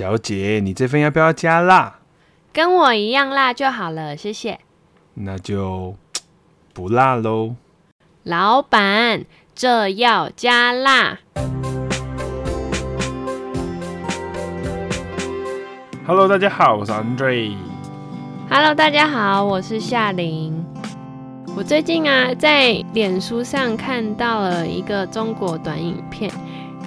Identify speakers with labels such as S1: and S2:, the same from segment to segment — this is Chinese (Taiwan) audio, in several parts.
S1: 小姐，你這份要不要加辣？
S2: 跟我一樣辣就好了，謝謝。
S1: 那就不辣嘍。
S2: 老闆，這要加辣。
S1: Hello，大家好，我是 Andre。
S2: Hello，大家好，我是夏琳。我最近啊，在臉書上看到了一個中國短影片。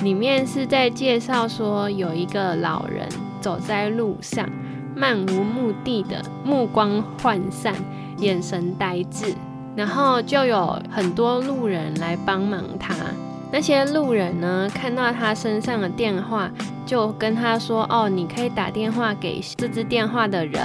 S2: 裡面是在介紹說，有一個老人走在路上，漫無目的的，目光渙散，眼神呆滯，然後就有很多路人來幫忙他。那些路人呢，看到他身上的電話，就跟他說：“哦，你可以打電話給這支電話的人，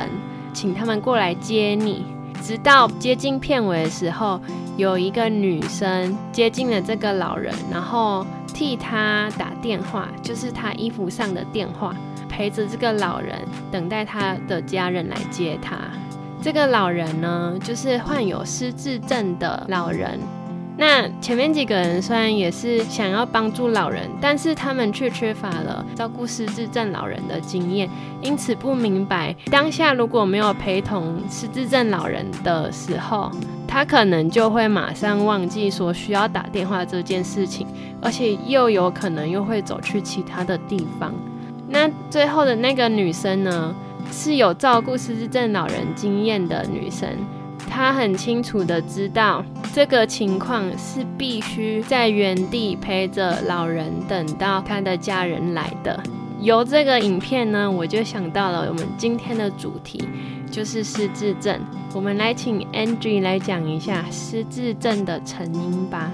S2: 請他們過來接你。”直到接近片尾的時候，有一個女生接近了這個老人，然後，替他打電話，就是他衣服上的電話，陪着這個老人，等待他的家人來接他。這個老人呢，就是患有失智症的老人。那前面幾個人雖然也是想要幫助老人，但是他們卻缺乏了照顧失智症老人的經驗，因此不明白當下如果沒有陪同失智症老人的時候，他可能就會馬上忘記說需要打電話這件事情，而且又有可能又會走去其他的地方。那最後的那個女生呢，是有照顧失智症老人經驗的女生。他很清楚的知道，這個情況是必須在原地陪着老人，等到他的家人來的。由這個影片呢，我就想到了我們今天的主題，就是失智症。我們來請 Andre 來講一下失智症的成因吧。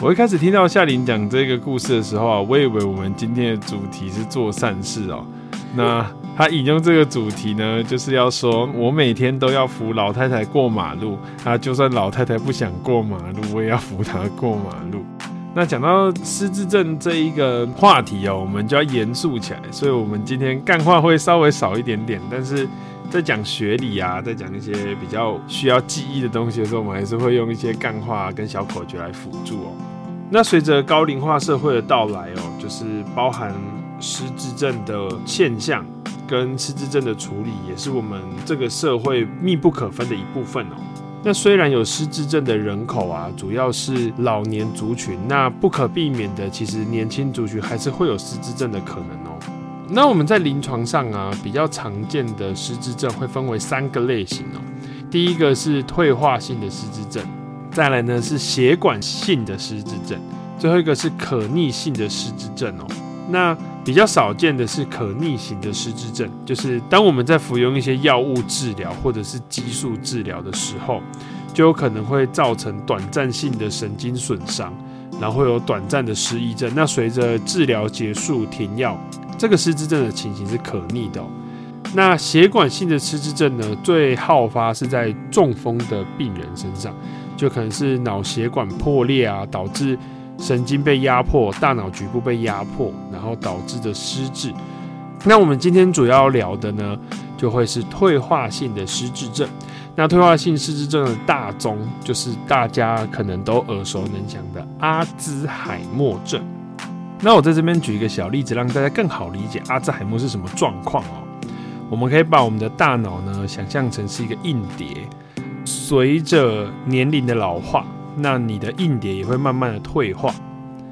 S1: 我一開始聽到夏玲講這個故事的時候啊，我以為我們今天的主題是做善事哦、喔，那。他引用這個主題呢，就是要說，我每天都要扶老太太過馬路，啊，就算老太太不想過馬路，我也要扶她過馬路。那講到失智症這一個話題哦，我們就要嚴肅起來，所以我們今天幹話會稍微少一點點，但是在講學理啊，在講一些比較需要記憶的東西的時候，我們還是會用一些幹話跟小口訣來輔助哦。那隨着高齡化社會的到來哦，就是包含。失智症的現象跟失智症的處理，也是我們這個社會密不可分的一部分哦。那雖然有失智症的人口啊，主要是老年族群，那不可避免的，其實年輕族群還是會有失智症的可能哦。那我們在臨床上啊，比較常見的失智症會分為三個類型哦。第一個是退化性的失智症，再來呢是血管性的失智症，最後一個是可逆性的失智症哦。那比較少見的是可逆型的失智症，就是當我們在服用一些藥物治療或者是激素治療的時候，就有可能會造成短暫性的神經損傷，然後會有短暫的失憶症。那隨着治療結束停藥，這個失智症的情形是可逆的喔。那血管性的失智症呢，最好發是在中風的病人身上，就可能是腦血管破裂啊，導致。神經被壓迫，大腦局部被壓迫，然後導致的失智。那我們今天主要聊的呢，就會是退化性的失智症。那退化性失智症的大宗就是大家可能都耳熟能詳的阿茲海默症。那我在這邊舉一個小例子，讓大家更好理解阿茲海默是什麼狀況哦。我們可以把我們的大腦呢，想象成是一個硬碟，隨着年齡的老化。那你的硬碟也會慢慢的退化。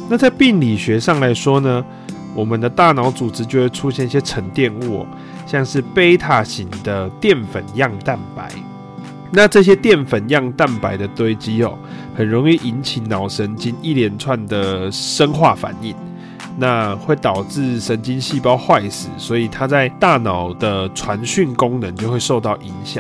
S1: 那在病理學上來說呢，我們的大腦組織就會出現一些沉澱物哦，像是貝塔型的澱粉樣蛋白。那這些澱粉樣蛋白的堆積哦，很容易引起腦神經一連串的生化反應。那會導致神經細胞壞死，所以它在大腦的傳訊功能就會受到影響。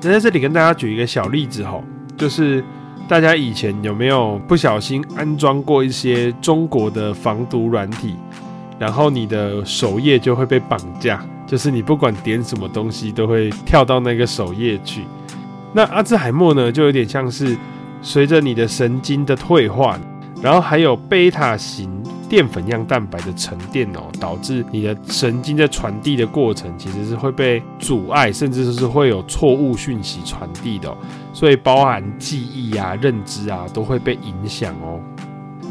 S1: 那在這裡跟大家舉一個小例子吼哦，就是。大家以前有沒有不小心安裝過一些中國的防毒軟體？然後你的首頁就會被綁架，就是你不管點什麼東西都會跳到那個首頁去。那阿茲海默呢，就有點像是隨着你的神經的退化，然後還有貝塔型。澱粉樣蛋白的沉澱哦，導致你的神經在傳遞的過程其實是會被阻礙，甚至是會有錯誤訊息傳遞的哦，所以包含記憶啊、認知啊都會被影響哦。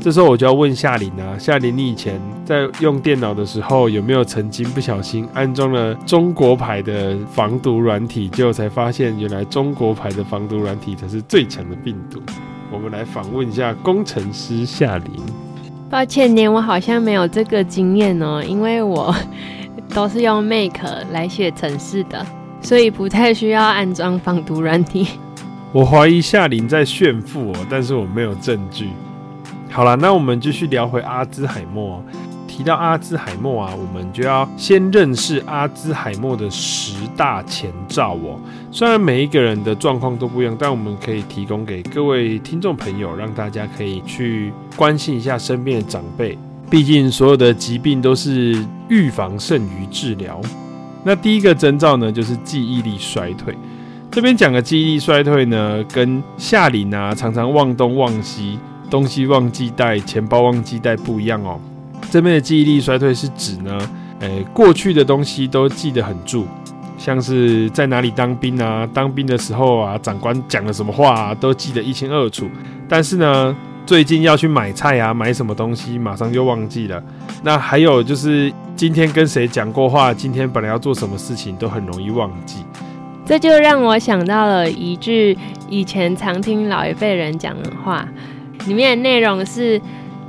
S1: 這時候我就要問夏琳啊，夏琳，你以前在用電腦的時候有沒有曾經不小心安裝了中國牌的防毒軟體，結果才發現原來中國牌的防毒軟體才是最強的病毒？我們來訪問一下工程師夏
S2: 琳。抱歉，年我好像沒有這個經驗哦、喔，因為我都是用 Make 來寫程式的，所以不太需要安裝防毒軟體。
S1: 我懷疑夏琳在炫富哦、喔，但是我沒有證據。好了，那我們繼續聊回阿茲海默、喔。提到阿茲海默啊，我們就要先認識阿茲海默的十大前兆哦。雖然每一個人的狀況都不一樣，但我們可以提供給各位聽眾朋友，讓大家可以去關心一下身邊的長輩。畢竟所有的疾病都是預防勝於治療。那第一個徵兆呢，就是記憶力衰退。這邊講的記憶力衰退呢，跟夏令啊，常常忘東忘西，東西忘記帶，錢包忘記帶不一樣哦。這邊的記憶力衰退是指呢，誒，過去的東西都記得很住，像是在哪裡當兵啊，當兵的時候啊，長官講了什麼話啊，都記得一清二楚。但是呢，最近要去買菜啊，買什麼東西馬上就忘記了。那還有就是今天跟誰講過話，今天本來要做什麼事情都很容易忘記。
S2: 這就讓我想到了一句以前常聽老一輩人講的話，裡面的內容是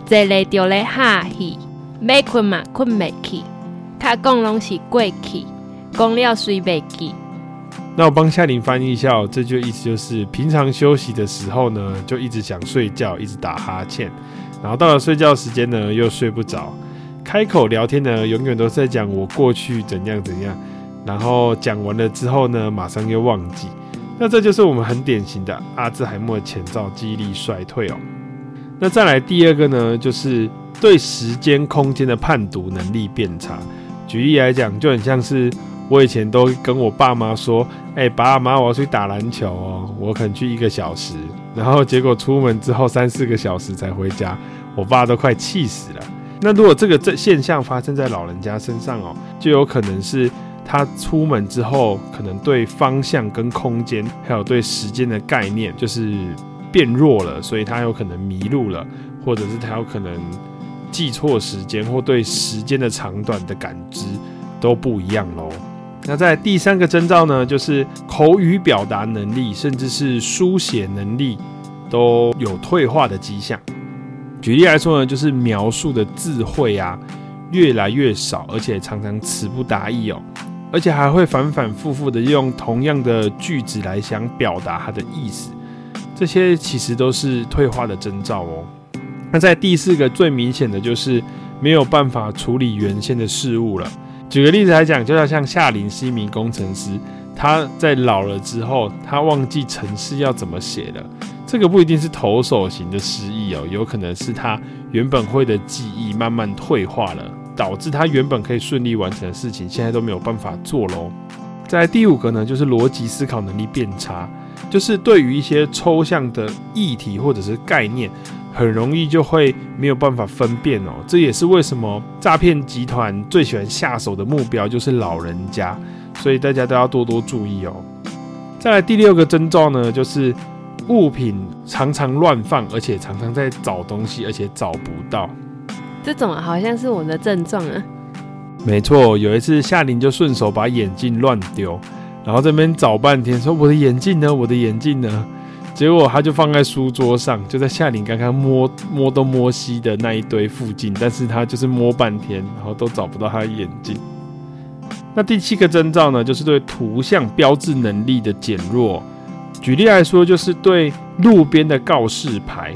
S2: 這 e 丟 e 哈嘿沒困嘛，困沒起，他講攏是過去講了睡沒起。
S1: 那我幫夏玲翻譯一下，喔，這句意思就是：平常休息的時候呢，就一直想睡覺，一直打哈欠；然後到了睡覺時間呢，又睡不着。開口聊天呢，永遠都是在講我過去怎樣怎樣，然後講完了之後呢，馬上又忘記。那這就是我們很典型的阿茲海默前兆，記憶力衰退哦，喔。那再來第二個呢，就是。對時間、空間的判讀能力變差。舉例來講，就很像是我以前都跟我爸媽說：“欸，爸媽，我要去打籃球哦，我可能去一個小時。”然後結果出門之後三四個小時才回家，我爸都快氣死了。那如果這個這現象發生在老人家身上哦，就有可能是他出門之後，可能對方向跟空間，還有對時間的概念就是變弱了，所以他有可能迷路了，或者是他有可能。記錯時間或對時間的長短的感知都不一樣嘍。那在第三個徵兆呢，就是口語表達能力甚至是書寫能力都有退化的跡象。舉例來說呢，就是描述的詞彙啊越來越少，而且常常詞不達意哦，而且還會反反复复的用同樣的句子來想表達他的意思。這些其實都是退化的徵兆哦。那在第四個最明顯的就是沒有辦法處理原先的事物了。舉個例子來講，就像像夏林是一名工程師，他在老了之後，他忘記程式要怎麼寫了。這個不一定是投手型的失憶哦，有可能是他原本會的記憶慢慢退化了，導致他原本可以順利完成的事情，現在都沒有辦法做嘍。在第五個呢，就是邏輯思考能力變差，就是對於一些抽象的議題或者是概念。很容易就會沒有辦法分辨哦、喔，這也是為什麼詐騙集團最喜歡下手的目標就是老人家，所以大家都要多多注意哦、喔。再來第六個徵兆呢，就是物品常常亂放，而且常常在找東西，而且找不到。
S2: 這種好像是我的症狀啊。
S1: 沒錯，有一次夏玲就順手把眼鏡亂丟，然後這邊找半天，說，我的眼鏡呢？我的眼鏡呢？結果他就放在書桌上，就在夏琳剛剛摸摸東摸西的那一堆附近，但是他就是摸半天，然後都找不到他的眼鏡。那第七個徵兆呢，就是對圖像標誌能力的減弱。舉例來說，就是對路邊的告示牌，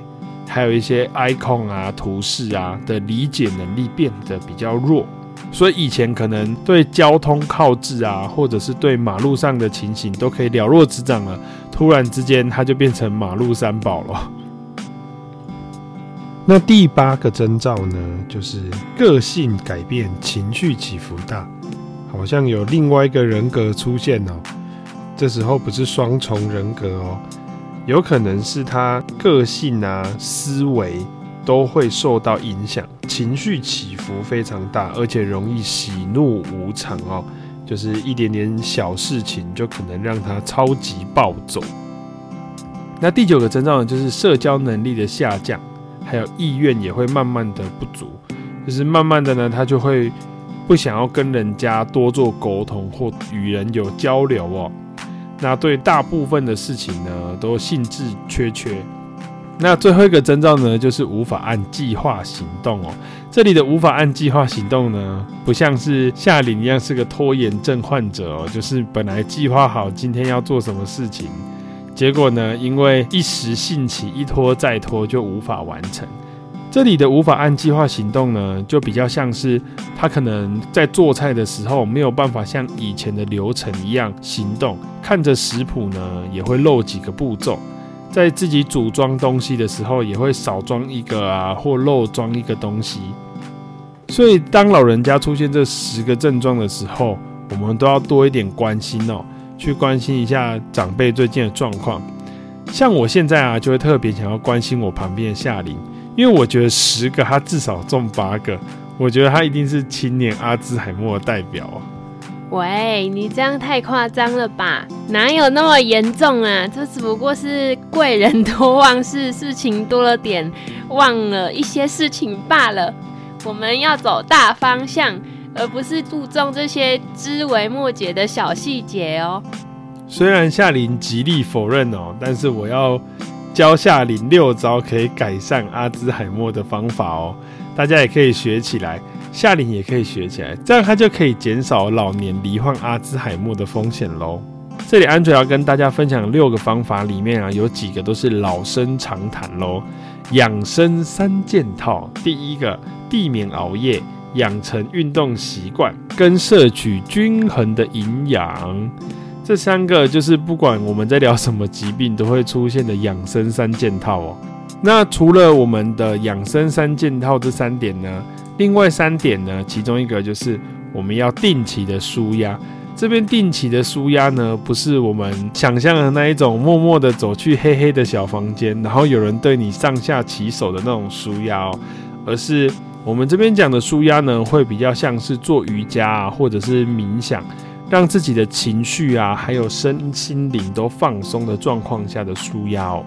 S1: 還有一些 icon 啊、圖示啊的理解能力變得比較弱。所以以前可能對交通標誌啊，或者是對馬路上的情形都可以了若指掌了。突然之間，他就變成馬路三寶了。那第八個徵兆呢，就是個性改變，情緒起伏大，好像有另外一個人格出現哦。這時候不是雙重人格哦，有可能是他個性啊、思維都會受到影響，情緒起伏非常大，而且容易喜怒無常哦。就是一點點小事情，就可能讓他超級暴走。那第九個徵兆呢，就是社交能力的下降，還有意願也會慢慢的不足。就是慢慢的呢，他就會不想要跟人家多做溝通或與人有交流哦。那對大部分的事情呢，都興致缺缺。那最後一個徵兆呢，就是無法按計劃行動哦。這裡的無法按計劃行動呢，不像是夏令一樣是個拖延症患者哦，就是本來計劃好今天要做什麼事情，結果呢，因為一時興起，一拖再拖，就無法完成。這裡的無法按計劃行動呢，就比較像是他可能在做菜的時候沒有辦法像以前的流程一樣行動，看着食譜呢，也會漏幾個步驟。在自己組裝東西的時候，也會少裝一個啊，或漏裝一個東西。所以，當老人家出現這十個症狀的時候，我們都要多一點關心哦，去關心一下長輩最近的狀況。像我現在啊，就會特別想要關心我旁邊的夏琳，因為我覺得十個他至少中八個，我覺得他一定是青年阿茲海默的代表哦。
S2: 喂，你這樣太誇張了吧？哪有那麼嚴重啊？這只不過是貴人多忘事，事情多了點，忘了一些事情罷了。我們要走大方向，而不是注重這些枝微末節的小細節哦。
S1: 雖然夏琳極力否認哦，但是我要教夏琳六招可以改善阿茲海默的方法哦，大家也可以學起來。下令也可以學起來，這樣它就可以減少老年罹患阿茲海默的風險咯，這裡 Andre 要跟大家分享六個方法，裡面啊有幾個都是老生常談咯，養生三件套，第一個避免熬夜，養成運動習慣，跟攝取均衡的營養。這三個就是不管我們在聊什麼疾病都會出現的養生三件套哦。那除了我們的養生三件套這三點呢？另外三點呢，其中一個就是我們要定期的舒壓。這邊定期的舒壓呢，不是我們想象的那一種默默的走去黑黑的小房間，然後有人對你上下其手的那種舒壓哦。而是我們這邊講的舒壓呢，會比較像是做瑜伽啊，或者是冥想，讓自己的情緒啊，還有身心靈都放鬆的狀況下的舒壓哦。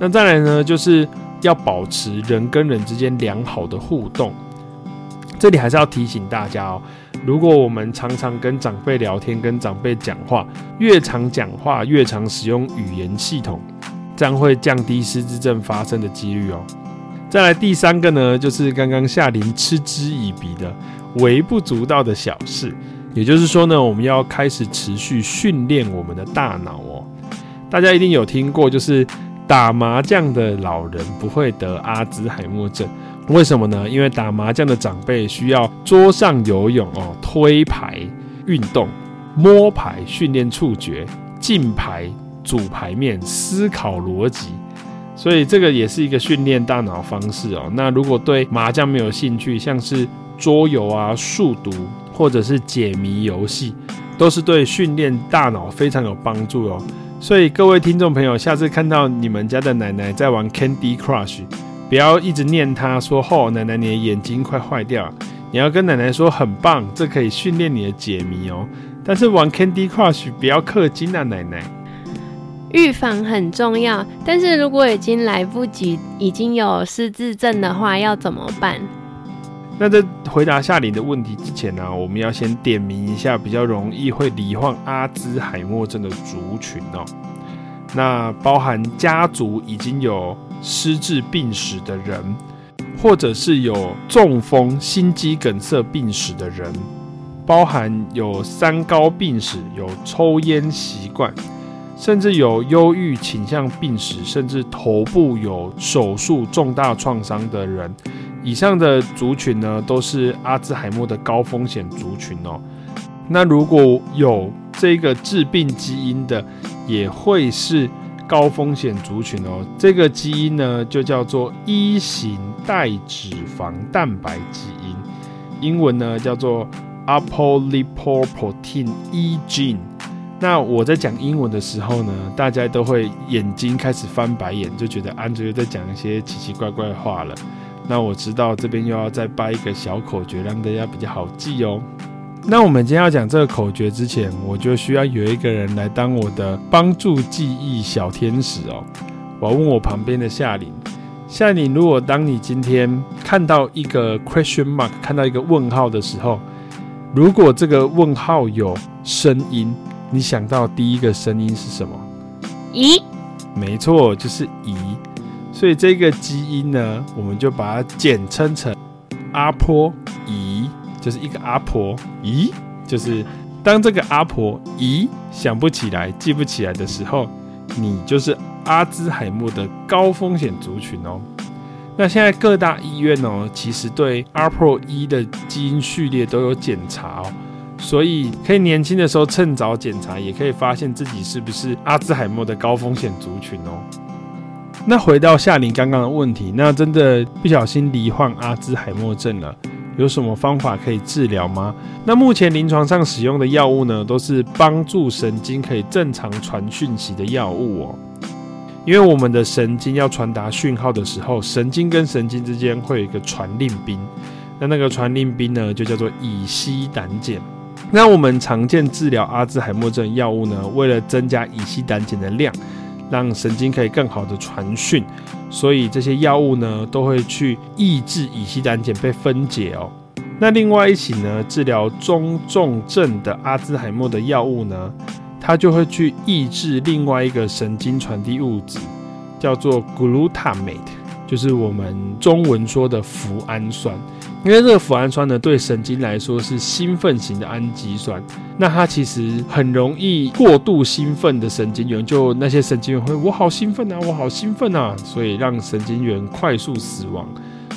S1: 那再來呢，就是要保持人跟人之間良好的互動。這裡還是要提醒大家哦，如果我們常常跟長輩聊天，跟長輩講話，越常講話，越常使用語言系統，這樣會降低失智症發生的幾率哦。再來第三個呢，就是剛剛夏琳嗤之以鼻的微不足道的小事，也就是說呢，我們要開始持續訓練我們的大腦哦。大家一定有聽過，就是打麻將的老人不會得阿茲海默症。為什麼呢？因為打麻將的長輩需要桌上游泳哦，推牌運動、摸牌訓練觸覺、進牌、組牌面、思考邏輯，所以這個也是一個訓練大腦方式哦。那如果對麻將沒有興趣，像是桌遊啊、數獨或者是解謎遊戲，都是對訓練大腦非常有幫助哦。所以各位聽眾朋友，下次看到你們家的奶奶在玩 Candy Crush。不要一直念他說：“哦，奶奶，你的眼睛快壞掉了。”你要跟奶奶說很棒，這可以訓練你的解謎哦。但是玩 Candy Crush 不要氪金啊，奶奶。
S2: 預防很重要，但是如果已經來不及，已經有失智症的話，要怎麼辦？
S1: 那在回答下你的問題之前呢、啊，我們要先點名一下比較容易會罹患阿茲海默症的族群哦。那包含家族已經有失智病史的人，或者是有中風、心肌梗塞病史的人，包含有三高病史、有抽菸習慣，甚至有憂鬱傾向病史，甚至頭部有手術重大創傷的人，以上的族群呢，都是阿茲海默的高風險族群哦。那如果有這個致病基因的也會是高風險族群哦。這個基因呢就叫做一、e、型載脂肪蛋白基因，英文呢叫做 Apolipoprotein E gene。那我在講英文的時候呢，大家都會眼睛開始翻白眼，就覺得 Andre 又在講一些奇奇怪怪的話了。那我知道這邊又要再掰一個小口訣，讓大家比較好記哦。那我們今天要講這個口訣之前，我就需要有一個人來當我的幫助記憶小天使哦。我要問我旁邊的夏琳，夏琳，如果當你今天看到一個 question mark，看到一個問號的時候，如果這個問號有聲音，你想到第一個聲音是什麼？咦？沒錯，就是咦。所以這個基因呢，我們就把它簡稱成阿婆、姨。就是一個阿婆，咦，就是當這個阿婆，咦，想不起來、記不起來的時候，你就是阿茲海默的高風險族群哦。那現在各大醫院呢、哦，其實對阿婆一的基因序列都有檢查哦，所以可以年輕的時候趁早檢查，也可以發現自己是不是阿茲海默的高風險族群哦。那回到夏琳剛剛的問題，那真的不小心罹患阿茲海默症了，有什麼方法可以治療嗎？那目前臨床上使用的藥物呢，都是幫助神經可以正常傳訊息的藥物哦。因為我們的神經要傳達訊號的時候，神經跟神經之間會有一個傳令兵，那那個傳令兵呢，就叫做乙醯膽鹼。那我們常見治療阿茲海默症藥物呢，為了增加乙醯膽鹼的量。讓神經可以更好的傳訊，所以這些藥物呢，都會去抑制乙醯膽鹼被分解哦。那另外一起呢，治療中重症的阿茲海默的藥物呢，它就會去抑制另外一個神經傳遞物質，叫做 glutamate，就是我們中文說的麩胺酸。因為這個麩胺酸呢，對神經來說是興奮型的氨基酸，那它其實很容易過度興奮的神經元，就那些神經元會我好興奮啊，我好興奮啊，所以讓神經元快速死亡。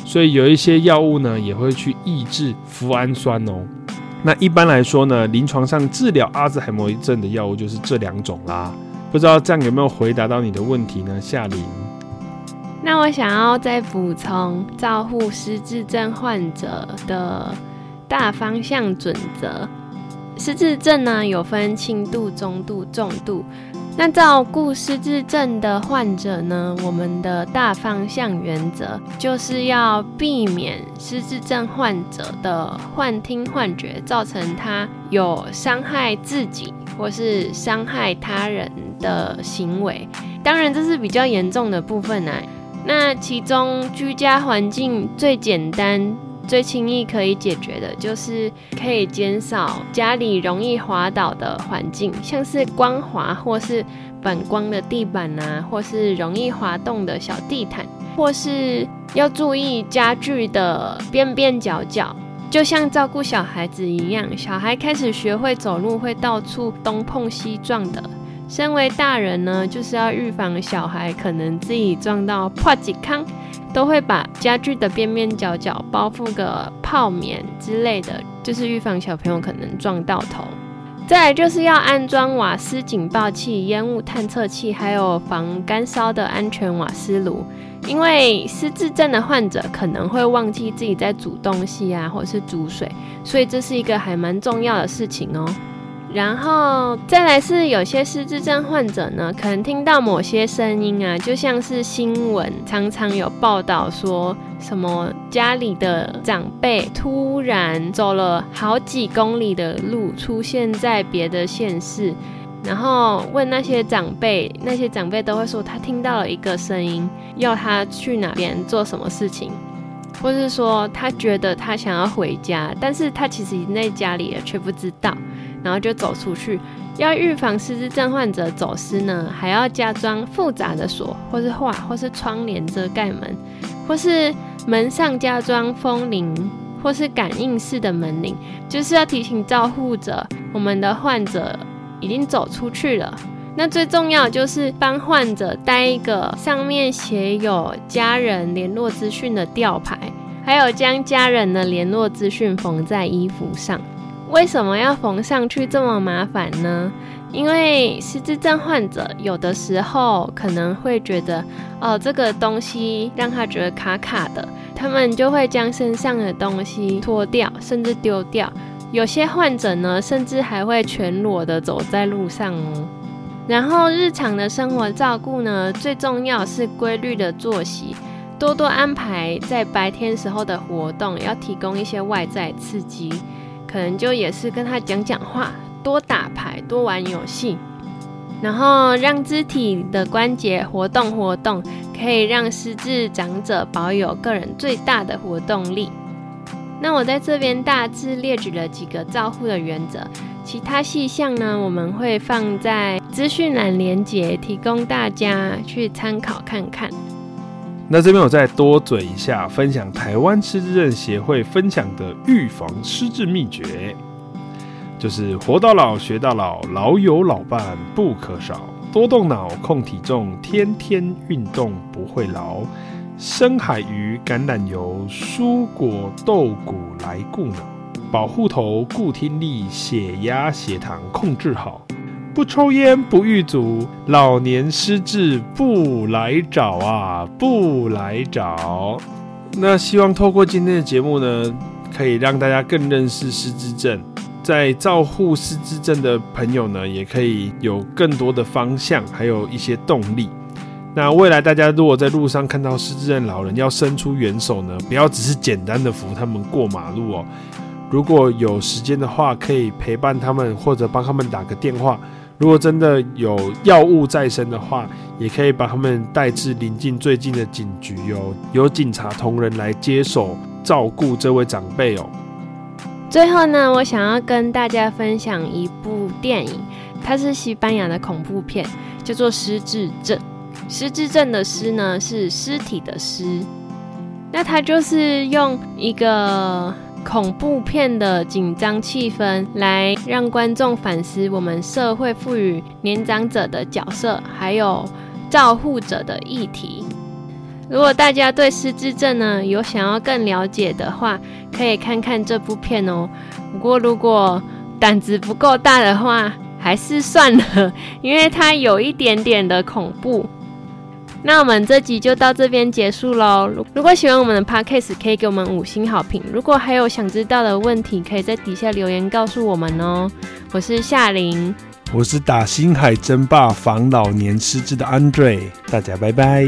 S1: 所以有一些藥物呢，也會去抑制麩胺酸哦、喔。那一般來說呢，臨床上治療阿茲海默症的藥物就是這兩種啦。不知道這樣有沒有回答到你的問題呢，夏琳？
S2: 那我想要再補充照顧失智症患者的大方向準則。失智症呢有分輕度、中度、重度。那照顧失智症的患者呢，我們的大方向原則就是要避免失智症患者的幻聽、幻覺造成他有傷害自己或是傷害他人的行為。當然，這是比較嚴重的部分呢、啊。那其中居家環境最簡單、最輕易可以解決的，就是可以減少家裡容易滑倒的環境，像是光滑或是反光的地板吶啊，或是容易滑動的小地毯，或是要注意家具的邊邊角角。就像照顧小孩子一樣，小孩開始學會走路，會到處東碰西撞的。身為大人呢，就是要預防小孩可能自己撞到破幾康，都會把家具的邊邊角角包覆個泡棉之類的，就是預防小朋友可能撞到頭。再來就是要安裝瓦斯警報器、煙霧探測器，還有防乾燒的安全瓦斯爐。因為失智症的患者可能會忘記自己在煮東西啊，或者是煮水，所以這是一個還蠻重要的事情哦、喔。然後再來是有些失智症患者呢，可能聽到某些聲音啊，就像是新聞常常有報道說，什麼家裡的長輩突然走了好幾公里的路，出現在別的縣市，然後問那些長輩，那些長輩都會說他聽到了一個聲音，要他去哪邊做什麼事情，或是說他覺得他想要回家，但是他其實已經在家裡了，卻不知道。然後就走出去。要預防失智症患者走失呢，還要加裝複雜的鎖，或是畫，或是窗簾遮蓋門，或是門上加裝風鈴，或是感應式的門鈴，就是要提醒照護者我們的患者已經走出去了。那最重要就是幫患者戴一個上面寫有家人聯絡資訊的吊牌，還有將家人的聯絡資訊縫在衣服上。為什麼要縫上去這麼麻煩呢？因為失智症患者，有的時候可能會覺得，哦，這個東西讓他覺得卡卡的，他們就會將身上的東西脫掉，甚至丟掉。有些患者呢，甚至還會全裸的走在路上哦。然後日常的生活照顧呢，最重要是規律的作息，多多安排在白天時候的活動，要提供一些外在刺激。可能就也是跟他講講話，多打牌，多玩遊戲，然後讓肢體的關節活動活動，可以讓失智長者保有個人最大的活動力。那我在這邊大致列舉了幾個照護的原則，其他細項呢，我們會放在資訊欄連結，提供大家去參考看看。
S1: 那這邊我再多嘴一下，分享台灣失智症協會分享的預防失智秘訣，就是活到老學到老，老友老伴不可少，多動腦，控體重，天天運動不會老。深海魚、橄欖油、蔬果、豆穀來顧腦，保護頭，顧聽力，血壓、血糖控制好。不抽菸，不酗酒，老年失智不來找啊，不來找。那希望透過今天的節目呢，可以讓大家更認識失智症，在照顧失智症的朋友呢，也可以有更多的方向，還有一些動力。那未來大家如果在路上看到失智症老人，要伸出援手呢，不要只是簡單的扶他們過馬路哦。如果有時間的話，可以陪伴他們，或者幫他們打個電話。如果真的有藥物在身的話，也可以把他們帶至鄰近最近的警局哦，由警察同仁來接手照顧這位長輩哦。
S2: 最後呢，我想要跟大家分享一部電影，它是西班牙的恐怖片，叫做《失智症》。失智症的“失”呢，是屍體的“屍”。那它就是用一個恐怖片的緊張氣氛來讓觀眾反思我們社會賦予年長者的角色，還有照護者的議題。如果大家對失智症呢有想要更了解的話，可以看看這部片哦。不過如果膽子不夠大的話，還是算了，因為它有一點點的恐怖。那我們這集就到這邊結束嘍。如果喜歡我們的 podcast，可以給我們五星好評。如果還有想知道的問題，可以在底下留言告訴我們哦。我是夏琳，
S1: 我是打星海爭霸防老年失智的 Andre。大家拜拜。